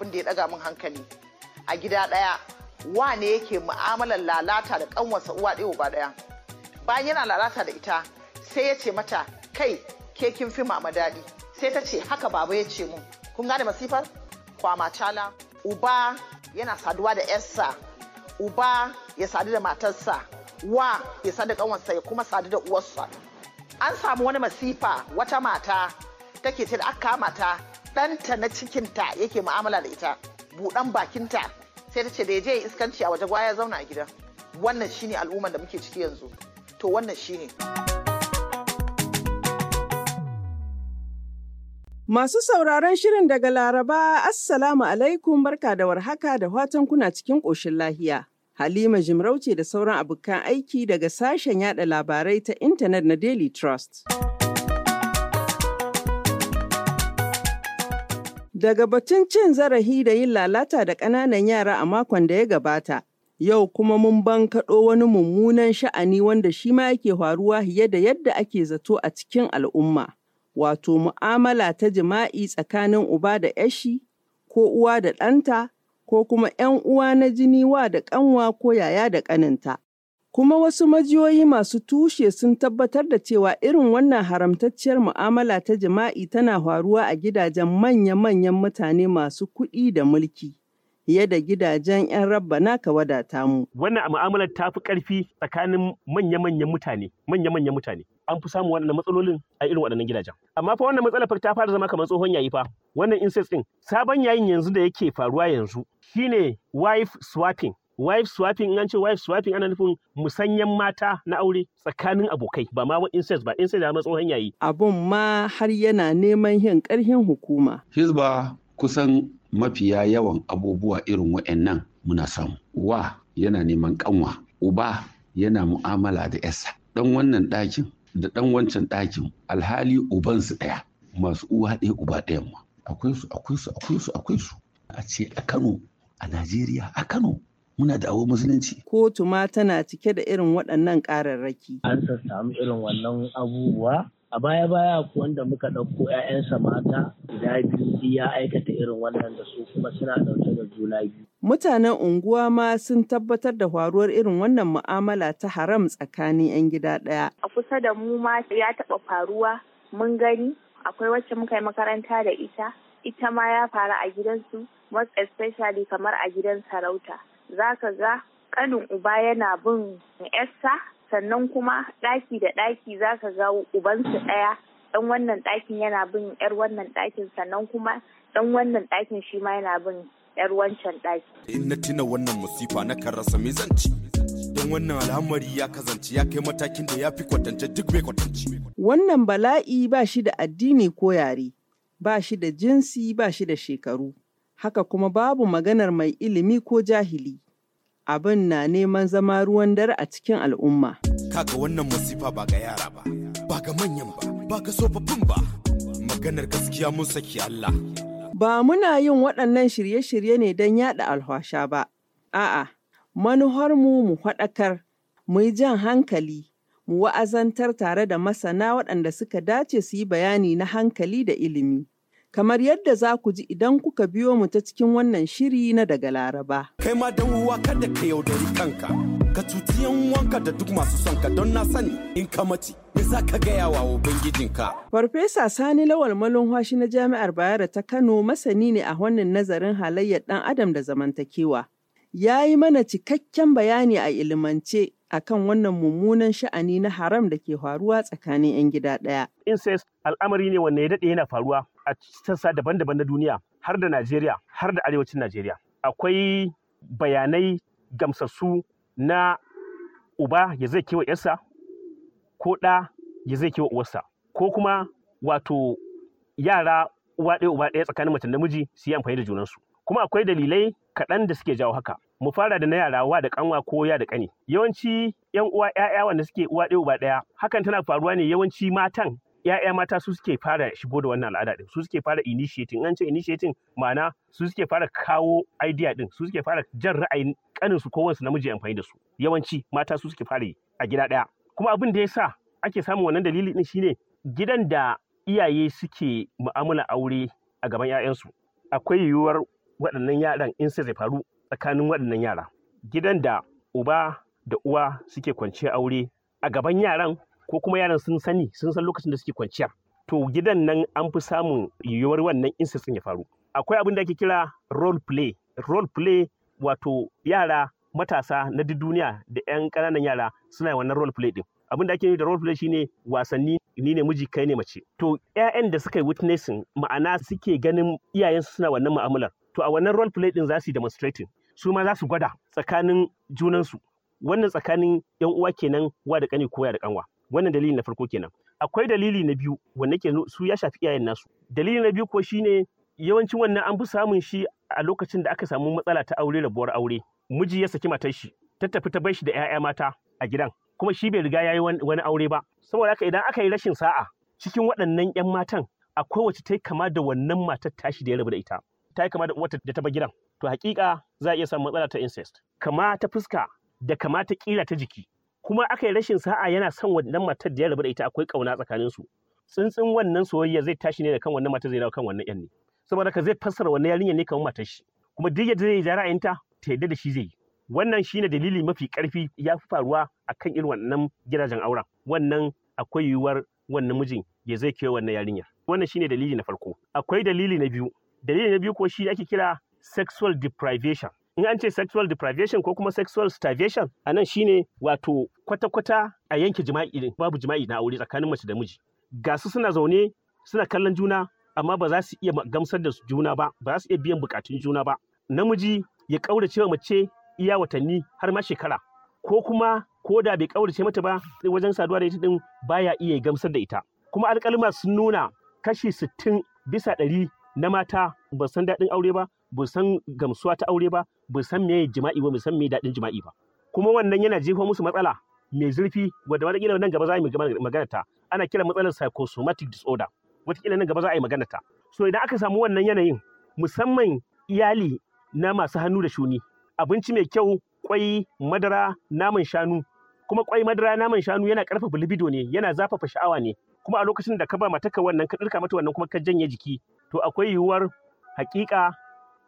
abin da ya daga min hankali a gida daya wane yake mu'amalar lalata da kanwarsa uwa ɗaya uba ɗaya? bayan yana lalata da ita sai ya ce mata kai ke kin fi mama daɗi sai ta ce haka baba ya ce mun kun gane masifar kwama cala uba yana saduwa da yarsa uba ya sadu da matarsa wa ya sadu da kanwarsa ya kuma sadu da uwarsa an samu wani masifa wata mata take ce da aka mata. ɗanta na cikinta yake mu'amala da ita buɗan bakinta sai ta ce da ya je iskanci a waje gwaya zauna a gida wannan shine al'ummar da muke ciki yanzu to wannan shine Masu sauraron shirin daga Laraba, Assalamu alaikum barka da warhaka da watan kuna cikin ƙoshin lahiya. Halima Jimarauce da sauran abokan aiki daga sashen yada labarai ta intanet na Daily Trust. Daga batun cin zarafi da yin lalata da ƙananan yara a makon da ya gabata, yau kuma mun bankaɗo wani mummunan sha'ani wanda shi ma yake faruwa fiye da yadda ake zato a cikin al'umma. Wato mu'amala ta jima'i tsakanin uba da yashi, ko uwa da ɗanta, ko kuma ‘yan uwa na jini wa da ƙanwa ko yaya da ƙaninta. Kuma wasu majiyoyi masu tushe sun tabbatar da cewa irin wannan haramtacciyar mu'amala ta jima'i tana faruwa a gidajen manya-manyan mutane masu kuɗi da mulki. fiye da gidajen 'yan rabba naka wadata mu. Wannan mu'amalar ta fi ƙarfi tsakanin manya-manyan mutane, manya-manyan mutane. An fi samun waɗannan matsalolin a irin waɗannan gidajen. Amma fa wannan matsalar ta fara zama kamar tsohon yayi fa. Wannan incest ɗin, sabon yayin yanzu da yake faruwa yanzu shine wife swapping. wife swapping in an ce wife swapping ana nufin musanyen mata na aure tsakanin abokai ba ma wani incest ba incest da matsohon yayi abun ma har yana neman yin karhin hukuma hizba kusan mafiya yawan abubuwa irin wa'annan muna samu wa yana neman kanwa uba yana mu'amala da yasa dan wannan dakin da dan wancan dakin, alhali ubansu ɗaya masu uwa ɗaya uba ɗayan ma akwai su akwai su akwai su akwai su a ce a Kano a Najeriya a Kano muna da awo musulunci. Kotu ma tana cike da irin waɗannan ƙararraki. An sassamu irin wannan abubuwa a baya baya wanda muka ɗauko 'ya'yansa mata guda biyu ya aikata irin wannan da su kuma suna ɗauke da juna biyu. Mutanen unguwa ma sun tabbatar da faruwar irin wannan mu'amala ta haram tsakanin 'yan gida ɗaya. A kusa da mu ma ya taɓa faruwa mun gani akwai wacce muka yi makaranta da ita ita ma ya faru a gidansu most especially kamar a gidan sarauta. za ka ga kanin uba yana bin yarsa sannan kuma ɗaki da ɗaki za ka ga ubansu ɗaya ɗan wannan ɗakin yana bin yar wannan ɗakin sannan kuma ɗan wannan ɗakin shi ma yana bin yar wancan ɗaki. In na tuna wannan musifa na kan rasa me zan ci. Don wannan al'amari ya kazance ya kai matakin da ya fi kwatance duk mai kwatance. Wannan bala'i ba shi da addini ko yare, ba shi da jinsi ba shi da shekaru. haka kuma babu maganar mai ilimi ko jahili. Abin na neman zama ruwan dare a cikin al'umma. Kaga wannan masifa ba ga yara ba, ba ga manyan ba, ba ga tsofaffin ba, maganar gaskiya mun saki Allah. Ba muna yin waɗannan shirye-shirye ne don yaɗa alhasha ba, a'a, manuharmu mu faɗakar, mu yi jan hankali, mu wa'azantar tare da masana waɗanda suka dace su yi bayani na hankali da ilimi. kamar yadda za ku ji idan kuka biyo mu ta cikin wannan shiri na daga Laraba. Kai ma dan uwa kada ka yaudari kanka, ka cuci 'yan wanka da duk masu son ka don na sani in ka mace. Me za ka gaya wa Ubangijinka? Farfesa Sani Lawal Malumhashi na Jami'ar Bayero ta Kano masani ne a wannan nazarin halayyar ɗan Adam da zamantakewa. Ya yi mana cikakken bayani a ilimance akan wannan mummunan sha'ani na haram da ke faruwa tsakanin 'yan gida ɗaya. Incest al'amari ne wanda ya daɗe yana faruwa a sassa daban-daban na duniya har da Najeriya har da arewacin Najeriya akwai bayanai gamsassu na uba ya zai kewa yarsa ko ɗa ya zai kewa uwarsa ko kuma wato yara uwa ɗaya uba ɗaya tsakanin mace da namiji su yi amfani da junansu kuma akwai dalilai kaɗan da suke jawo haka mu fara da na yara wa da kanwa ko ya da ƙani. yawanci yan uwa ’ya’ya wanda suke uwa ɗaya uba ɗaya hakan tana faruwa ne yawanci matan 'ya'ya mata su suke fara shigo da wannan al'ada din su suke fara initiating an ce initiating ma'ana su suke fara kawo idea din su suke fara jan ra'ayin kanin su kowansu namiji amfani da su yawanci mata su suke fara yi a gida daya kuma abin da ya yasa ake samun wannan dalili din shine gidan da iyaye suke mu'amala aure a gaban 'ya'yansu akwai yiwuwar waɗannan yaran in sai faru tsakanin waɗannan yara gidan da uba da uwa suke kwanciya aure a gaban yaran ko kuma yaran sun sani sun san lokacin da suke kwanciya to gidan nan an fi samun yiwuwar wannan instance ya faru akwai abin da ake kira role play role play wato yara matasa na duk duniya da 'yan ƙananan yara suna wannan role play din abin da ake yi da role play shine wasanni ni ne miji kai ne mace to 'ya'yan da suka yi witnessing ma'ana suke ganin iyayensu suna wannan mu'amalar to a wannan role play din za su yi demonstrating su ma za su gwada tsakanin junansu wannan tsakanin 'yan uwa kenan wa da kani ko ya da ƙanwa wannan dalili na farko kenan akwai dalili na biyu wanda ke su ya shafi iyayen nasu dalili na biyu ko shine yawancin wannan an fi samun shi a lokacin da aka samu matsala ta aure rabuwar aure miji ya saki matar shi ta tafi ta bar shi da 'ya'ya mata a gidan kuma shi bai riga yayi wani aure ba saboda haka idan aka yi rashin sa'a cikin waɗannan 'yan matan akwai wacce ta yi kama da wannan matar tashi da ya rabu da ita ta yi kama da wata da ta bar gidan to hakika za a iya samun matsala ta incest kama ta fuska da kama ta kila ta jiki kuma aka yi rashin sa'a yana son wannan matar da ya rabu da ita akwai ƙauna tsakanin su tsintsin wannan soyayya zai tashi ne da kan wannan matar zai dawo kan wannan yan ne saboda ka zai fassara wannan yarinya ne kamar matar shi kuma duk yadda zai ja ta yadda da shi zai yi wannan shine dalili mafi karfi ya fi faruwa akan irin wannan gidajen auren wannan akwai yiwuwar wannan mijin ya zai kewa wannan yarinyar wannan shine dalili na farko akwai dalili na biyu dalili na biyu ko shi ake kira sexual deprivation in an ce sexual deprivation ko kuma sexual starvation a nan shine wato kwata-kwata a yanke jima'i babu jima'i na aure tsakanin mace da miji ga su suna zaune suna kallon juna amma ba za su iya gamsar da juna ba ba za su iya biyan bukatun juna ba namiji ya kaurace wa mace iya watanni har ma shekara ko kuma ko da bai kaurace mata ba wajen saduwa da ita din baya iya gamsar da ita kuma alƙalma sun nuna kashi sittin bisa ɗari na mata ba san daɗin aure ba ba san gamsuwa ta aure ba bu san me jima'i ba mu san me daɗin jima'i ba kuma wannan yana jefa musu matsala mai zurfi wadda wata kila nan gaba za a yi magana ta ana kira matsalar psychosomatic disorder wata kila nan gaba za a yi magana ta so idan aka samu wannan yanayin musamman iyali na masu hannu da shuni abinci mai kyau kwai madara naman shanu kuma kwai madara naman shanu yana karfafa libido ne yana zafafa sha'awa ne kuma a lokacin da ka ba ka wannan ka dirka mata wannan kuma ka janye jiki to akwai yiwuwar hakika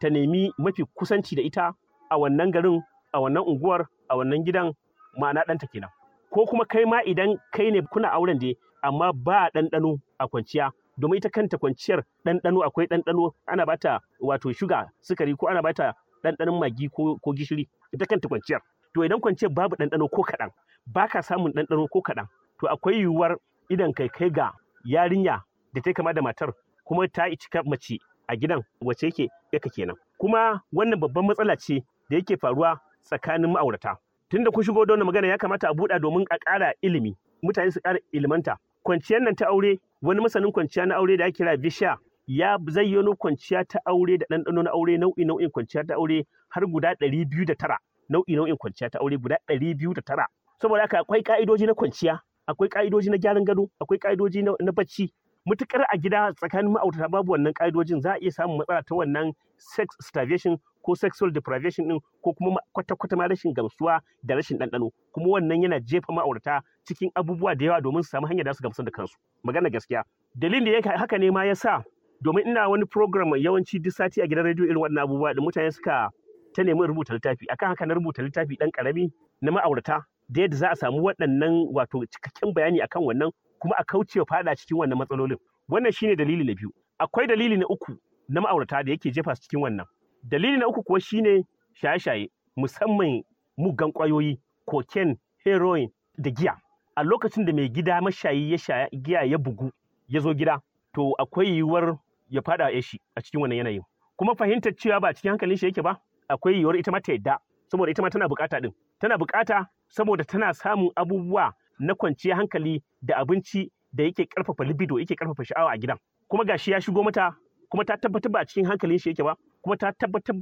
ta nemi mafi kusanci da ita a wannan garin a wannan unguwar a wannan gidan ma'ana ɗanta kenan ko kuma kai ma idan kai ne kuna auren da amma ba ɗanɗano a kwanciya domin ita kanta kwanciyar ɗanɗano akwai ɗanɗano ana bata wato shuga sukari ko ana bata ɗanɗanon magi ko gishiri ita kanta kwanciyar to idan kwanciyar babu ɗanɗano ko kaɗan ba ka samun ɗanɗano ko kaɗan to akwai yiwuwar idan kai kai ga yarinya da ta kama da matar kuma ta cika mace a gidan wace yake yaka kenan kuma wannan babban matsala ce da yake faruwa tsakanin ma'aurata tunda kun shigo da wannan magana ya kamata a buɗa domin a ƙara ilimi mutane su ƙara ilimanta kwanciyar nan ta aure wani masanin kwanciya na aure da ake kira bisha ya zayyano kwanciya ta aure da ɗanɗano na aure nau'i nau'in kwanciya ta aure har guda ɗari biyu da tara nau'i nau'in kwanciya ta aure guda ɗari biyu da tara saboda haka akwai ka'idoji na kwanciya akwai ƙa'idoji na gyaran gado akwai ka'idoji na bacci mutukar a gida tsakanin ma'aurata babu wannan ƙa'idojin za a iya samun matsala ta wannan sex starvation ko sexual deprivation din ko kuma kwata-kwata ma rashin gamsuwa da rashin ɗanɗano kuma wannan yana jefa ma'aurata cikin abubuwa da yawa domin su samu hanyar da su gamsu da kansu magana gaskiya dalilin da yake haka ne ma ya sa domin ina wani program yawanci duk sati a gidan rediyo irin wannan abubuwa da mutane suka ta nemi rubuta littafi akan haka na rubuta littafi dan karami na ma'aurata da yadda za a samu waɗannan wato cikakken bayani akan wannan kuma a kauce kaucewa fada cikin wannan matsalolin wannan shine dalili na biyu akwai dalili na uku na ma'aurata da yake jefa cikin wannan dalili na uku kuwa shine shaye-shaye musamman mugan kwayoyi koken, heroin da giya a lokacin da mai gida mashayi ya sha giya ya bugu ya zo gida to akwai yiwuwar ya fada ya shi a cikin wannan yanayin kuma fahimtar cewa ba cikin hankalin shi yake ba akwai yiwuwar ita ma ta yadda saboda ita ma tana bukata din tana bukata saboda tana samun abubuwa na kwanciyar hankali da abinci da yake karfafa libido yake karfafa sha'awa a gidan kuma gashi ya shigo mata kuma ta tabbatar ba cikin hankalin shi yake ba kuma ta tabbatar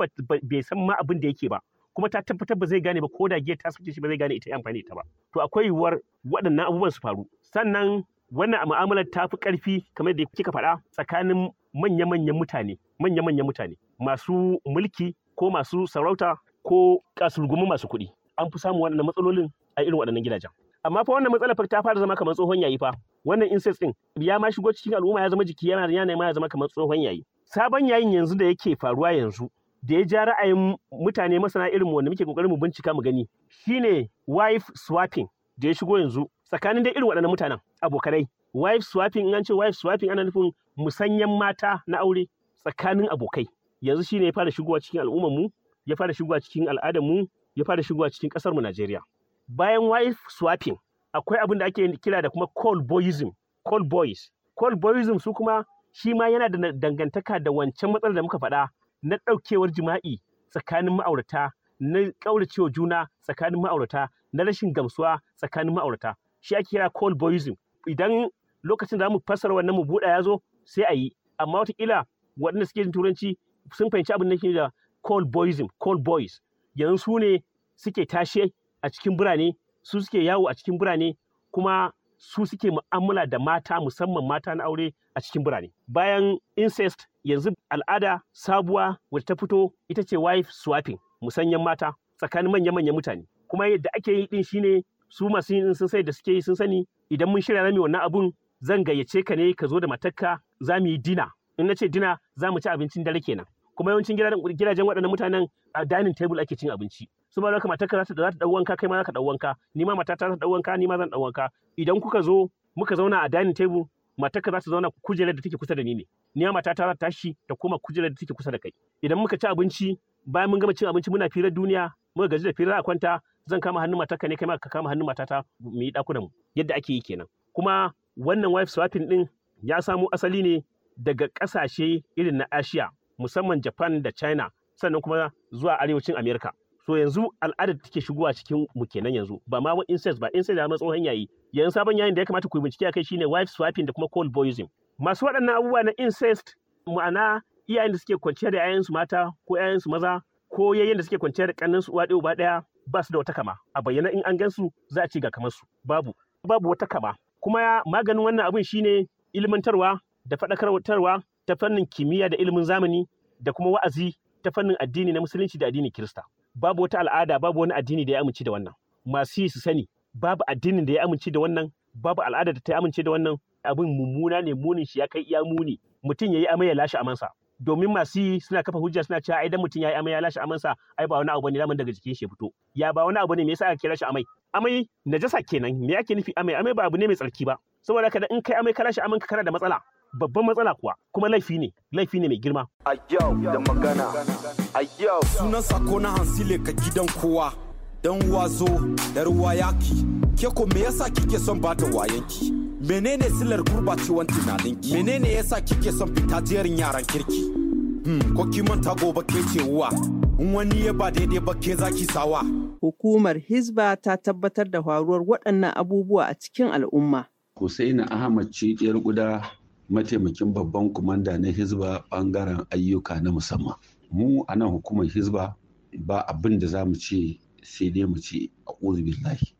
bai san ma abin da yake ba kuma ta tabbatar ba zai gane ba ko da giya ta sauke shi ba zai gane ita amfani ita ba to akwai yiwuwar waɗannan abubuwan su faru sannan wannan mu'amalar ta fi ƙarfi kamar da kika faɗa tsakanin manya-manyan mutane manya-manyan mutane masu mulki ko masu sarauta ko kasulgumin masu kuɗi an fi samun waɗannan matsalolin a irin waɗannan gidajen amma fa wannan matsalar ta fara zama kamar tsohon yayi fa wannan incest din ya ma shigo cikin al'umma ya zama jiki yana yana ma ya zama kamar tsohon yayi sabon yayin yanzu da yake faruwa yanzu da ya ja ra'ayin mutane masana irin wanda muke kokarin mu bincika mu gani shine wife swapping da ya shigo yanzu tsakanin dai irin waɗannan mutanen abokanai wife swapping an ce wife swapping ana nufin musanyen mata na aure tsakanin abokai yanzu shine ya fara shigowa cikin al'ummar mu ya fara shigowa cikin al'adar mu ya fara shigowa cikin ƙasar mu Najeriya bayan wife swapping akwai abin da ake kira da kuma call boyism call boys call boyism su kuma shi ma yana da dangantaka da wancan matsalar da muka faɗa na ɗaukewar jima'i tsakanin ma'aurata na ƙauracewa juna tsakanin ma'aurata na rashin gamsuwa tsakanin ma'aurata shi ake kira call boyism idan lokacin da mu fassara wannan mu buɗa ya zo sai a yi amma wataƙila waɗanda suke jin turanci sun fahimci abin da ke da call boyism call boys yanzu su ne suke tashe a cikin birane su suke yawo a cikin birane kuma su suke mu'amala da mata musamman mata na aure a cikin birane bayan incest yanzu al'ada sabuwa wacce ta fito ita ce wife swapping musanyen mata tsakanin manya-manyan mutane kuma yadda ake yi din shine su masu yin sun sai da suke yi sun sani idan mun shirya rami wannan abun zan gayyace ka ne ka zo da matakka za mu yi dina in na ce dina za mu ci abincin dare kenan kuma yawancin gidajen waɗannan mutanen a dining table ake cin abinci su ma kamar da za ta dau wanka kai ma za ka dau wanka ni ma matata za ta dau wanka ni ma zan dau wanka idan kuka zo muka zauna a dining table matarka za ta zauna kujerar da take kusa da ni ne ni ma matata za ta tashi ta koma kujerar da take kusa da kai idan muka ci abinci bayan mun gama cin abinci muna firar duniya muka gaji da firar a kwanta zan kama hannun matarka ne kai ma ka kama hannun matata mu yi dakunan mu yadda ake yi kenan kuma wannan wife swapping din ya samo asali ne daga kasashe irin na Asiya musamman Japan da China sannan kuma zuwa arewacin Amerika to yanzu al'adar da take shigowa cikin mu kenan yanzu ba ma wa incest ba incest ya zama hanya yayi yanzu sabon yayin da ya kamata ku yi bincike akai shine wife swapping da kuma cold boyism masu waɗannan abubuwa na incest ma'ana iyayen da suke kwanciya da yayansu mata ko su maza ko yayin da suke kwanciya da kannin su uwa ɗaya uba ɗaya ba su da wata kama a bayyana in an gan su za a ci ga kamar su babu babu wata kama kuma maganin wannan abin shine ilmantarwa da faɗakarwa ta fannin kimiyya da ilimin zamani da kuma wa'azi ta fannin addini na musulunci da addinin kirista babu wata al'ada babu wani addini da ya amince da wannan masu yi su sani babu addinin da ya amince da wannan babu al'ada da ta amince da wannan abin mummuna ne munin shi ya kai iya muni mutum yayi amai ya lashe amansa domin masu yi suna kafa hujja suna cewa idan mutum yayi amai ya lashe amansa ai ba wani abu bane daman daga jikin shi fito ya ba wani abu ne me yasa aka lashe amai amai najasa kenan me yake nufi amai amai ba abu ne mai tsarki ba saboda kada in kai amai ka lashe amanka kana da matsala babban matsala kuwa kuma laifi ne laifi ne mai girma a yau da magana a yau sunan sako na hansile ka gidan kowa dan wazo da ruwa yaki ke ko me yasa kike son bata wayanki menene silar gurbacewan tunaninki menene yasa kike son fita jerin yaran kirki hmm, ko ki manta gobe ke ce in wani ya ba daidai ba ke zaki sawa hukumar hisba ta tabbatar da faruwar waɗannan abubuwa a cikin al'umma Hussaini Ahmad ce guda mataimakin babban kumanda na hizba bangaren ayyuka na musamman mu a nan hukumar hizba ba abin da za mu ce sai dai mu ce a uzubillahi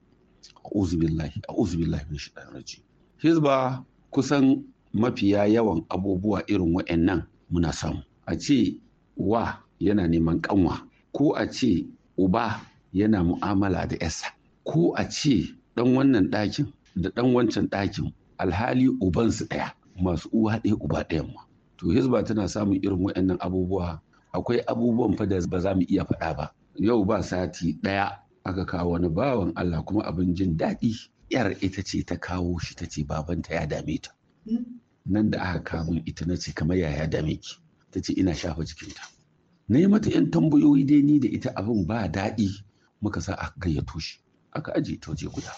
a billahi a shi raji hizba kusan mafiya yawan abubuwa irin wa'annan muna samu a ce wa yana neman kanwa ko a ce uba yana mu'amala da yasa ko a ce dan wannan ɗakin da ɗan wancan ɗakin alhali ubansu ɗaya masu uwa ɗaya uba ɗayan ma to hizba tana samun irin waɗannan abubuwa akwai abubuwan fa da ba za mu iya faɗa ba yau ba sati ɗaya aka kawo wani bawan Allah kuma abin jin daɗi yar ita ce ta kawo shi ta ce babanta ya dame ta hmm. nan da aka kawo ita na ce kamar yaya dame ki ta ce ina shafa jikinta na yi mata yan tambayoyi dai ni da ita abin ba daɗi muka sa aka gayyato shi aka ajiye ta waje guda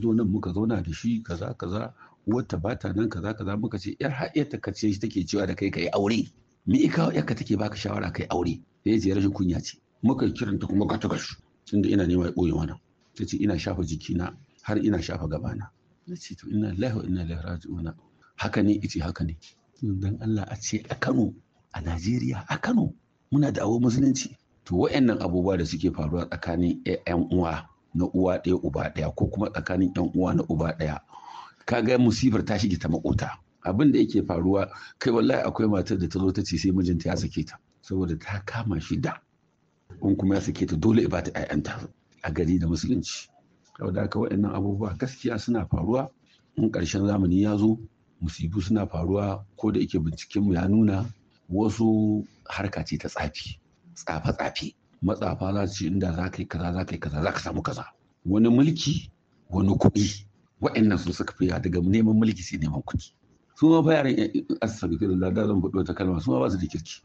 zo nan muka zauna da shi kaza kaza Wata bata nan kaza kaza muka ce yar haɗiyarta ka ce take cewa da kai kai aure me ika yarka take baka shawara kai aure sai ji rashin kunya ce muka kiranta kuma ka tuka shi tunda ina nema ya wani. ta ce ina shafa jikina har ina shafa gabana na ce to ina lillahi wa inna ilaihi raji'una haka ne ice haka ne dan Allah a ce a Kano a Najeriya a Kano muna da awo musulunci to wayannan abubuwa da suke faruwa tsakanin ƴan uwa na uwa ɗaya uba ɗaya ko kuma tsakanin ƴan uwa na uba ɗaya Ka ga musibar ta shige ta makota abin da yake faruwa kai wallahi akwai matar da ta zo ta ce sai mijinta ya sake ta saboda ta kama shi da in kuma ya sake ta dole ba ta a gari da musulunci saboda haka waɗannan abubuwa gaskiya suna faruwa in ƙarshen zamani ya zo musibu suna faruwa ko da yake mu ya nuna wasu harka ce ta tsafi tsafe-tsafe matsafa za su ce inda za ka yi kaza za ka yi kaza za ka samu kaza wani mulki wani kuɗi wa'annan su suka fiya daga neman mulki sai neman kuɗi su ma yaran eh, eh, astaghfirullah da zan faɗo ta kalma su ma ba su da kirki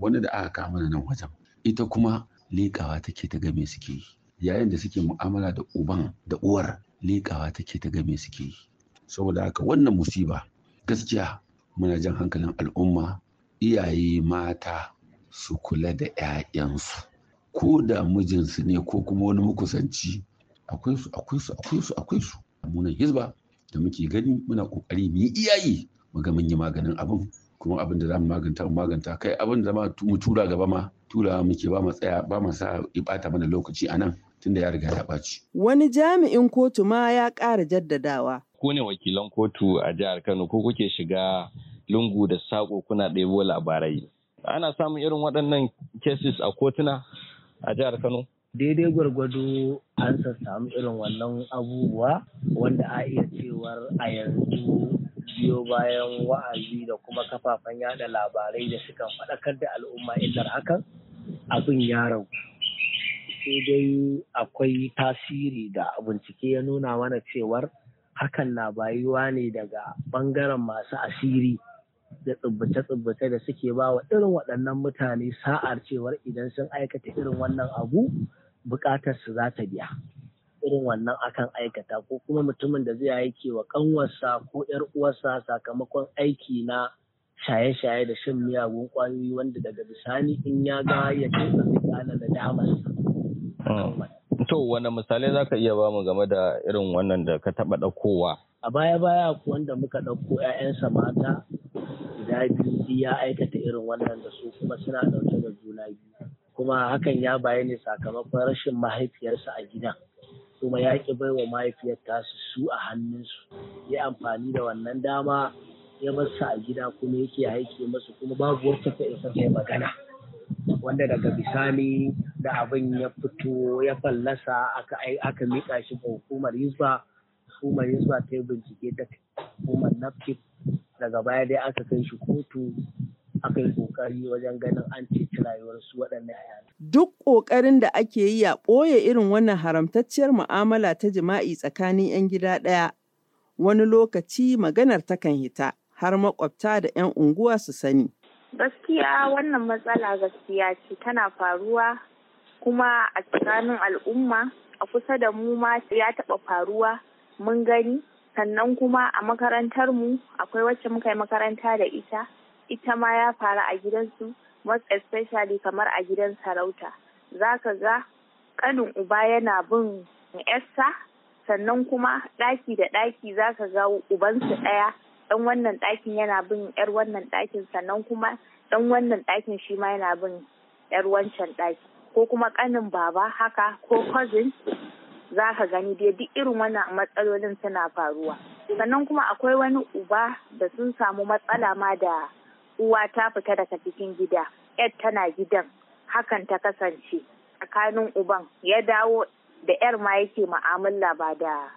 wani da aka kama nan wajen ita kuma likawa take ta game suke yi yayin da suke mu'amala da uban da uwar leƙawa take ta game suke yi saboda haka wannan musiba gaskiya muna jan hankalin al'umma iyaye mata su kula da 'ya'yansu ko da mijinsu ne ko kuma wani mukusanci, akwai su akwai su akwai su akwai su munan hizba da muke gani muna kokari mu yi iyayi mu ga mun yi maganin abin kuma abin da za mu maganta mu maganta kai abin da ma mu tura gaba ma tura muke ba mu tsaya ba mu sa ibata mana lokaci anan tunda ya riga ya ɓaci. Wani jami'in kotu ma ya ƙara jaddadawa. Ku ne wakilan kotu a jihar Kano ko kuke shiga lungu da sako kuna ɗebo labarai. Ana samun irin waɗannan cases a kotuna a jihar Kano? daidai gwargwado an sassamu irin wannan abubuwa wanda a iya cewar a yanzu biyo bayan wa'azi da kuma kafafen yada labarai da suka faɗakar da al'umma illar hakan abin ya ragu sai dai akwai tasiri da bincike ya nuna mana cewar hakan na bayuwa ne daga ɓangaren masu asiri da tsubbace-tsubbace da suke ba wa irin waɗannan mutane sa'ar cewar idan sun aikata irin wannan abu buƙatar su za ta biya irin wannan akan aikata ko kuma mutumin da zai aiki wa ƙanwarsa ko yar uwarsa sakamakon aiki na shaye-shaye da shan miyagun kwayoyi wanda daga bisani in ya ga ya ce zai da damar ah. to wani misalai za ka iya ba mu game da irin wannan da ka taɓa ɗaukowa a baya-baya wanda muka ɗauko 'ya'yansa mata guda biyu ya aikata irin wannan da su kuma suna ɗauke da juna biyu kuma hakan ya baya ne sakamakon rashin mahaifiyarsa a gida kuma ya ki baiwa mahaifiyar tasu su a hannunsu ya amfani da wannan dama ya masa a gida kuma yake haike masu kuma babu wacce ta isa ta magana wanda daga bisani da abin ya fito ya fallasa aka aka shi ga hukumar yusba hukumar yusba ta yi bincike da hukumar nafkit daga baya dai aka kai shi kotu aka yi ƙoƙari wajen ganin an ceci rayuwarsu waɗannan yara. Duk ƙoƙarin da ake yi a ɓoye irin wannan haramtacciyar mu'amala ta jima'i tsakanin 'yan gida ɗaya, wani lokaci maganar takan hita har maƙwabta da 'yan unguwa su sani. Gaskiya wannan matsala gaskiya ce tana faruwa kuma a tsakanin al'umma a kusa da mu ma ya taɓa faruwa mun gani sannan kuma a makarantar mu akwai wacce muka yi makaranta da ita ita ma ya faru a gidansu most especially kamar a gidan sarauta za ka ga kanin uba yana bin yarsa sannan kuma ɗaki da ɗaki za ka ga ubansu ɗaya ɗan wannan ɗakin yana bin yar wannan ɗakin sannan kuma ɗan wannan ɗakin shi ma yana bin yar wancan ɗaki ko kuma kanin baba haka ko cousin za ka gani dai duk irin wannan matsalolin suna faruwa sannan kuma akwai wani uba da sun samu matsala ma da uwa ta fita daga cikin gida yar tana gidan hakan ta kasance tsakanin uban ya dawo da yar ma yake ma'amala ba da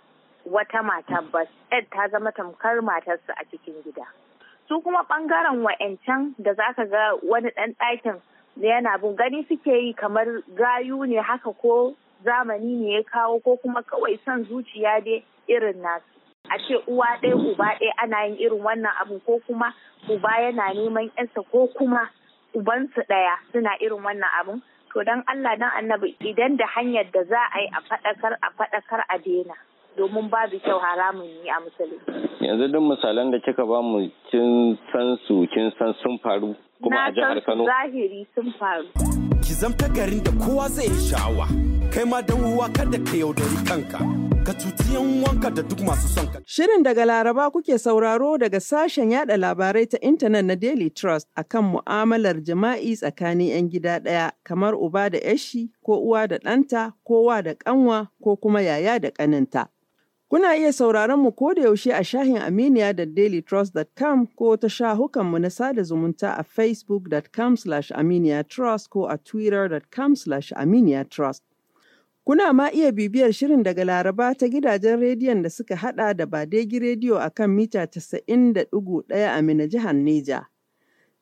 wata mata ba yar ta zama tamkar matarsa a cikin gida su kuma ɓangaren wa’yancan da za ka ga wani ɗan ɗakin yana bin gani suke yi kamar gayu ne haka ko zamani ne ya kawo ko kuma kawai son zuciya dai irin nasu a ce uwa ɗaya uba ɗaya ana yin irin wannan abu ko kuma uba yana neman yansa ko kuma ubansu ɗaya suna irin wannan abun to don Allah dan annabi idan da hanyar da za a yi a faɗakar a faɗakar a daina domin babu kyau haramun yi a musulunci. yanzu duk misalan da kika ba mu kin san su kin san sun faru kuma a jihar Kano na san zahiri sun faru ki zamta garin da kowa zai yi sha'awa kai ma da uwa kada ka yaudari kanka ka cuci wanka da duk masu son ka. Shirin daga Laraba kuke sauraro daga sashen yada labarai ta intanet na Daily Trust akan mu'amalar jima'i tsakanin 'yan gida daya kamar uba da yashi ko uwa da ɗanta kowa da kanwa ko kuma yaya da ƙaninta. Kuna iya sauraron mu ko da yaushe a shahin Aminiya da dailytrust.com ko ta mu na sada zumunta a facebook.com slash aminiyatrust ko a twitter.com slash aminiyatrust. Kuna ma iya bibiyar shirin daga Laraba ta gidajen rediyon da suka hada da Badegi Rediyo a kan mita 90.1 a Mina jihar Neja.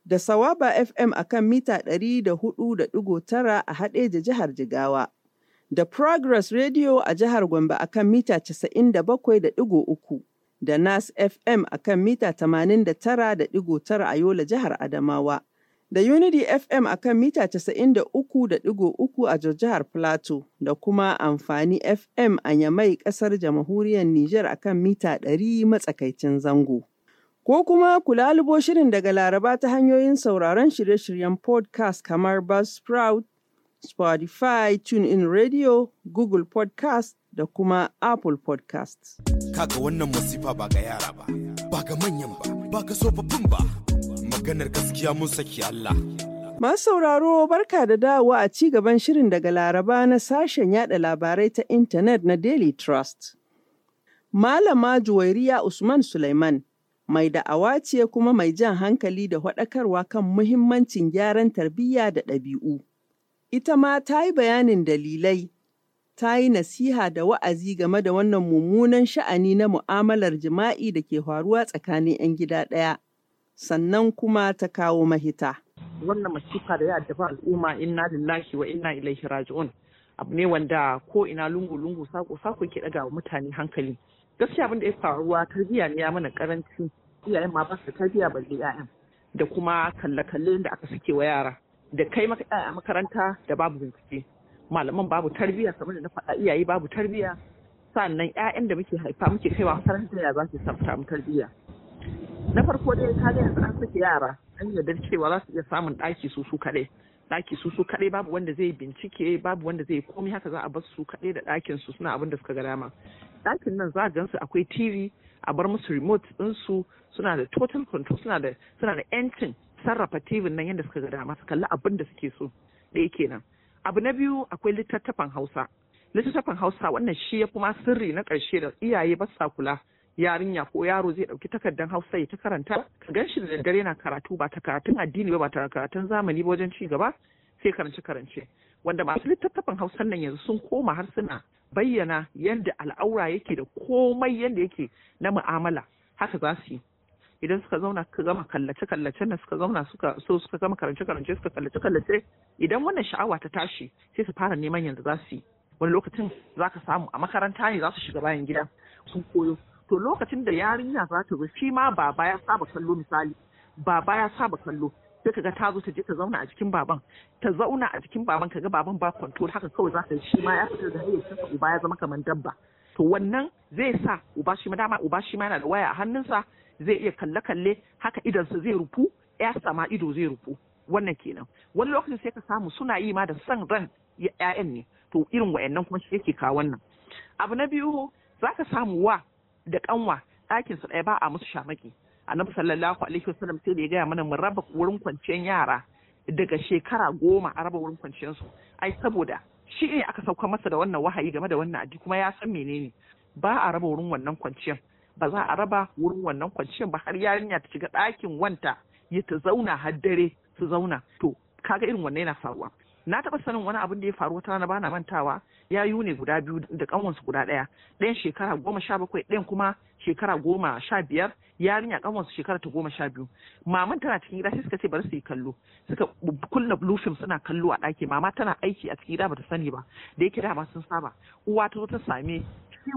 Da Sawaba FM a kan mita 104.9 a da jihar Jigawa. da Progress Radio a jihar Gombe akan mita 97.3 da Nas FM akan mita 89.9 a Yola jihar Adamawa. Da Unity FM akan mita 93.3 a jihar Plateau da kuma amfani FM a Yamai ƙasar jamhuriyar Nijar akan mita 100 matsakaicin zango. Ko kuma ku lalubo shirin daga Laraba ta hanyoyin sauraron shirye-shiryen podcast kamar Buzzsprout, Spotify, TuneIn Radio, Google Podcast da kuma Apple Podcast. Kaga wannan masifa ba ga yara ba, ba ga manyan ba, ba ga tsofaffin ba, maganar gaskiya mun saki Allah. Masu sauraro barka da dawowa a ci gaban shirin daga Laraba na sashen yada labarai ta intanet na Daily Trust. Malama Juwairiya Usman Sulaiman mai da'awa ce kuma mai jan hankali da haɗakarwa kan muhimmancin gyaran tarbiyya da ɗabi'u. Ita ma ta yi bayanin dalilai, ta yi nasiha da wa'azi game da wannan mummunan sha'ani na mu'amalar jima'i da ke faruwa tsakanin 'yan gida ɗaya, sannan kuma ta kawo mahita. Wannan masifa da ya addaba al'umma inna lillahi wa inna ilaihi raji'un abu ne wanda ko ina lungu-lungu sako-sako ke ɗaga wa mutane hankali. Gaskiya abin da ya faruwa tarbiyya ne ya mana karanci iyayen ma ba su tarbiyya balle 'ya'yan da kuma kalle-kalle da aka sake wa yara. da kai makaranta da babu bincike malaman babu tarbiyya kamar da na faɗa iyaye babu tarbiyya sannan ƴaƴan da muke haifa muke kaiwa makaranta ya za su mu tarbiyya na farko dai ka ga yanzu an sake yara an yarda cewa za su iya samun ɗaki su su kaɗai ɗaki su su kaɗai babu wanda zai bincike babu wanda zai komai haka za a bar su kaɗai da ɗakin su suna abin da suka ga dama ɗakin nan za a gansu akwai tv a bar musu remote ɗinsu suna da total control suna da suna da 'yancin sarrafa tibin nan yadda suka ga dama su kalli abin da suke so da ɗaya kenan abu na biyu akwai littattafan hausa littattafan hausa wannan shi ya fi ma sirri na ƙarshe da iyaye ba sa kula yarinya ko yaro zai ɗauki takardar hausa ya ta karanta ka gan shi da daddare yana karatu ba ta karatun addini ba ba ta karatun zamani ba wajen ci gaba sai karance karance wanda masu littattafan hausa nan yanzu sun koma har suna bayyana yadda al'aura yake da komai yadda yake na mu'amala haka za su yi idan suka zauna ka gama kallace kallace na suka zauna suka so suka gama karance karance suka kallace kallace idan wannan sha'awa ta tashi sai su fara neman yanzu za su yi wani lokacin za ka samu a makaranta ne za su shiga bayan gida sun koyo to lokacin da yarinya za ta zo shi ma baba ya saba kallo misali baba ya saba kallo sai ka ga ta zo ta je ta zauna a jikin baban ta zauna a jikin baban ga baban ba control haka kawai za ka yi shi ma ya fita da hayyacinsa uba ya zama kamar dabba to wannan zai sa uba shi dama uba shi ma yana da waya a hannunsa zai iya kalle-kalle haka su zai rufu ya sama ido zai rufu wannan kenan wani lokacin sai ka samu suna yi ma da san ran ya'yan ne to irin wayannan kuma shi yake kawo wannan abu na biyu za ka samu wa da kanwa ɗakin su ɗaya ba a musu shamaki annabi sallallahu alaihi wasallam sai da ya gaya mana mu raba wurin kwanciyar yara daga shekara goma a raba wurin kwanciyar su ai saboda shi ne aka sauka masa da wannan wahayi game da wannan aji kuma ya san menene ba a raba wurin wannan kwanciyar ba za a raba wurin wannan kwanciyar ba har yarinya ta shiga ɗakin wanta ya ta zauna har dare su zauna to kaga irin wannan yana faruwa na taɓa sanin wani abin da ya faru wata rana bana mantawa ya yi ne guda biyu da ƙanwansu guda ɗaya ɗayan shekara goma sha bakwai ɗayan kuma shekara goma sha biyar yarinya ƙanwansu shekara ta goma sha biyu maman tana cikin gida sai suka ce bari su yi kallo suka kunna lufin suna kallo a ɗaki mama tana aiki a cikin gida bata sani ba da yake dama sun saba uwa ta zo ta same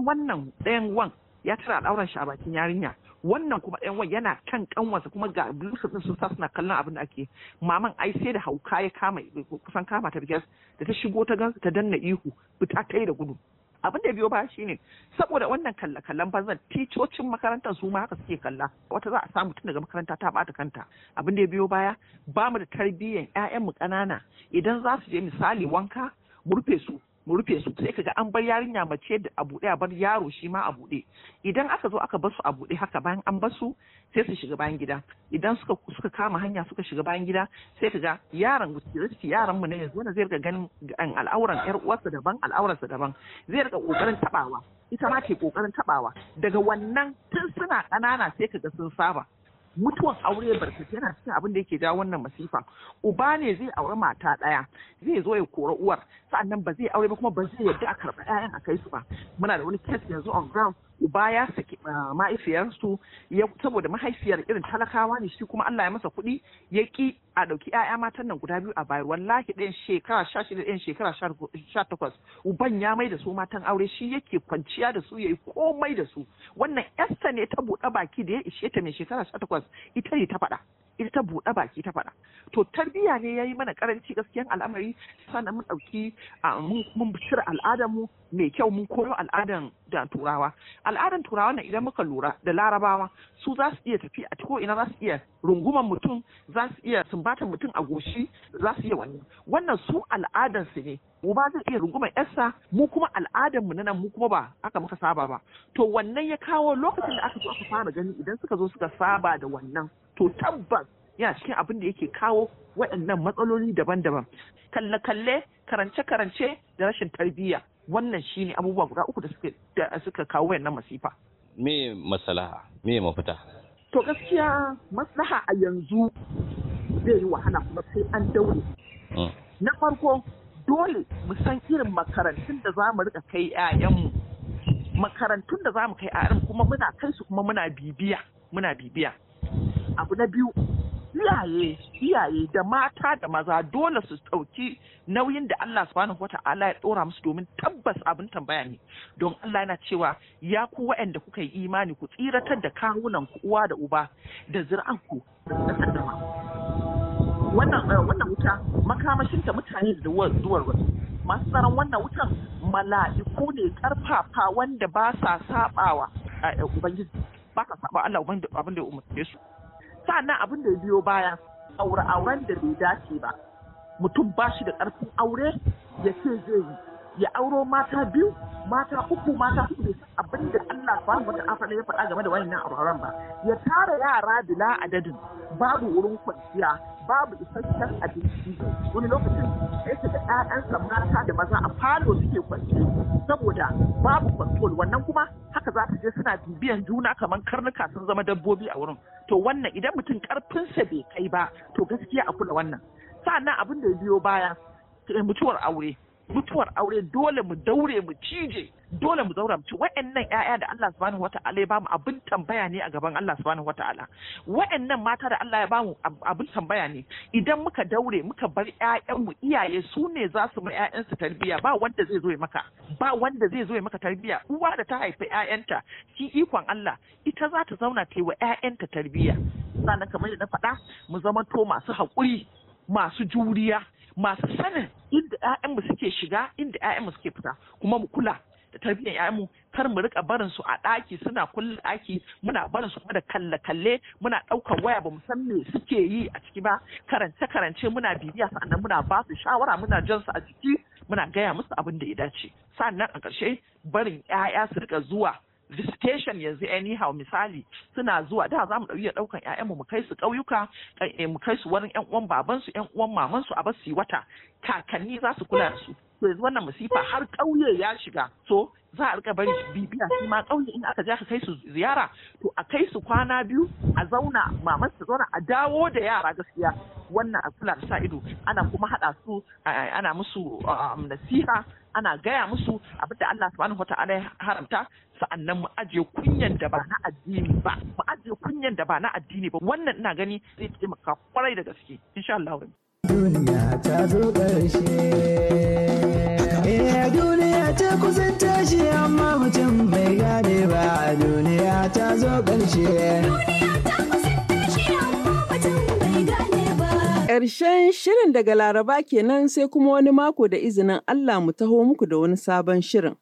wannan ɗayan wan ya tara al'auran shi a bakin yarinya wannan kuma ɗan wani yana kan ƙanwansa, kuma ga blusa din sun suna kallon abin da ake maman ai sai da hauka ya kama kusan kama ta bigas da ta shigo ta gansu ta danna ihu fita ta yi da gudu abin da biyo ba shine saboda wannan kalla kallan bazan ticocin makarantar su ma haka suke kalla wata za a samu tun daga makaranta ta bata kanta abin da biyo baya ba mu da tarbiyyan mu kanana idan za su je misali wanka mu rufe su mu rufe su sai kaga an bar yarinya mace da a buɗe a bar yaro shi ma a buɗe idan aka zo aka basu a buɗe haka bayan an basu sai su shiga bayan gida idan suka suka kama hanya suka shiga bayan gida sai kaga yaron gutsirci yaran mu ne yanzu wanda zai riga ganin al'auran yar uwarsa daban al'aurarsa daban zai rika kokarin tabawa ita ma ce kokarin taɓawa daga wannan tun suna ƙanana sai kaga sun saba mutuwan aure barkatu yana cikin abin da yake jawo wannan masifa uba ne zai aure mata ɗaya zai zo ya kora uwar sa'annan ba zai aure ba kuma ba zai yarda a karɓa 'ya'yan a kai su ba muna da wani kes yanzu on ground uba ah, ya saki mahaifiyarsu saboda mahaifiyar irin talakawa ne shi kuma Allah ya masa kuɗi ya ki a ɗauki 'ya'ya matan nan guda biyu a bayar wallahi ɗayan shekara sha shida ɗayan shekara sha takwas uban ya mai da su matan aure shi yake kwanciya da su yayi komai da su wannan yasta ne ta buɗe baki da ya ishe ta mai shekara sha takwas ita ne ta faɗa ita ta buɗe baki ta faɗa to tarbiyya ne ya yi mana karanci gaskiyan al'amari sannan mun ɗauki mun cire al'adar mu mai kyau mun koyo al'adan da turawa al'adan turawa na idan muka lura da larabawa su za su iya tafi a ko ina za su iya runguman mutum za su iya sumbatan mutum a goshi za su iya wannan wannan su al'adar su ne uba zai iya runguman yarsa mu kuma al'adar mu na nan mu kuma ba aka muka saba ba to wannan ya kawo lokacin da aka zo aka fara gani idan suka zo suka saba da wannan to tabbas yana cikin abin da yake kawo waɗannan matsaloli daban-daban kalle-kalle karance-karance da rashin tarbiyya wannan shi ne abubuwa guda uku da suka kawo waɗannan masifa me masalaha me mafita to gaskiya maslaha a yanzu zai yi wahala kuma sai an daure mm. na farko dole mu san irin makarantun da za mu rika kai 'ya'yanmu makarantun da za mu kai 'ya'yanmu, kuma muna kai su kuma muna bibiya muna bibiya abu na biyu iyaye iyaye da mata da maza dole su ɗauki nauyin da Allah subhanahu wa ta'ala ya ɗora musu domin tabbas abin tambaya ne don Allah yana cewa ya ku wa'anda kuka yi imani ku tsiratar da kawunan ku uwa da uba da zira'anku da wannan eh, wannan wuta makamashinta mutane da duwar wasu masu tsaron wannan wutan mala'iku ne karfafa wanda ba sa sabawa eh, ubangiji ba sa sabawa Allah ubangiji abin da ya umarce su Sannan abin da ya biyo baya aure-auren da bai dace ba mutum ba shi da ƙarfin aure ya ce zai yi ya auro mata biyu mata uku mata hudu abin da Allah subhanahu ya faɗa game da wannan abu haram ba ya tara yara bila adadin babu wurin kwanciya babu isasshen abinci wani lokacin sai su ga mata da maza a falo suke kwanci saboda babu kwantol wannan kuma haka za ka je suna bibiyan juna kamar karnuka sun zama dabbobi a wurin to wannan idan mutum karfinsa bai kai ba to gaskiya a kula wannan sa'annan abin da ya biyo baya mutuwar aure mutuwar aure dole mu daure mu cije dole mu zaura mu wa'annan ƴaƴa da Allah subhanahu wata'ala ya bamu abin tambaya ne a gaban Allah subhanahu wata'ala wa'annan mata da Allah ya bamu abin tambaya ne idan muka daure muka bar 'ya'yanmu iyaye su ne za su ƴaƴan su tarbiyya ba wanda zai zo ya maka ba wanda zai zo ya maka tarbiyya uwa da ta haifi ƴaƴanta shi ikon Allah ita za ta zauna ta yi wa ƴaƴanta tarbiyya sannan kamar da na faɗa mu zama to masu haƙuri masu juriya masu sanin inda 'ya'yanmu suke shiga inda 'ya'yanmu suke fita kuma mu kula da tarbiyyar 'ya'yanmu, kar mu rika barin su a ɗaki suna kulle ɗaki muna barin su da kalle kalle muna ɗaukar waya ba mu san me suke yi a ciki ba karance karance muna bibiya sannan muna ba su shawara muna jan su a jiki muna gaya musu abin da ya dace sannan a ƙarshe barin 'ya'ya su rika zuwa visitation yanzu anyhow misali suna zuwa da za mu ɗauki ɗaukan ƴaƴan mu kai su ƙauyuka eh, mu kai su wurin ƴan uwan babansu ƴan uwan mamansu a basu wata kakanni za su kula da su to yanzu wannan masifa har kauye ya shiga so za a rika bari bibiya shi ma ƙauye in aka je ka kai su ziyara to a kai su kwana biyu a zauna maman su zauna a dawo da yara gaskiya wannan a kula da sa ido ana kuma haɗa su ana musu um, nasiha ana gaya musu abin da Allah subhanahu wata'ala ya haramta sa'annan mu ajiye kunyan da ba na addini ba mu aje kunyan da ba na addini ba wannan ina gani zai taimaka kwarai da gaske insha Allah duniya ta zo ƙarshe Eh duniya ta kusan shi amma mutum bai gane ba duniya ta zo ƙarshe Ƙarshen shirin daga Laraba kenan sai kuma wani mako da izinin Allah mu taho muku da wani sabon shirin.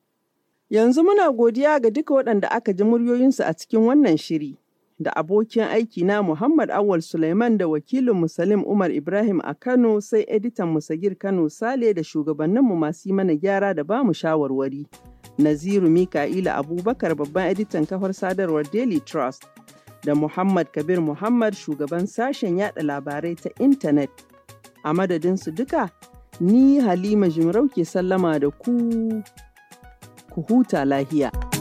Yanzu muna godiya ga duka waɗanda aka ji muryoyinsu a cikin wannan shiri. Da abokin aiki na Muhammad Awal Suleiman da wakilin Musalim Umar Ibrahim a Kano sai editan Musagir Kano Sale da shugabanninmu masu mana gyara da bamu shawarwari. Naziru Mika'ila Abubakar babban editan kafar sadarwar Daily Trust. da Muhammad Kabir Muhammad shugaban sashen yada labarai ta intanet. A madadin su duka, ni Halima Jimarau ke sallama da ku, ku huta lahiya.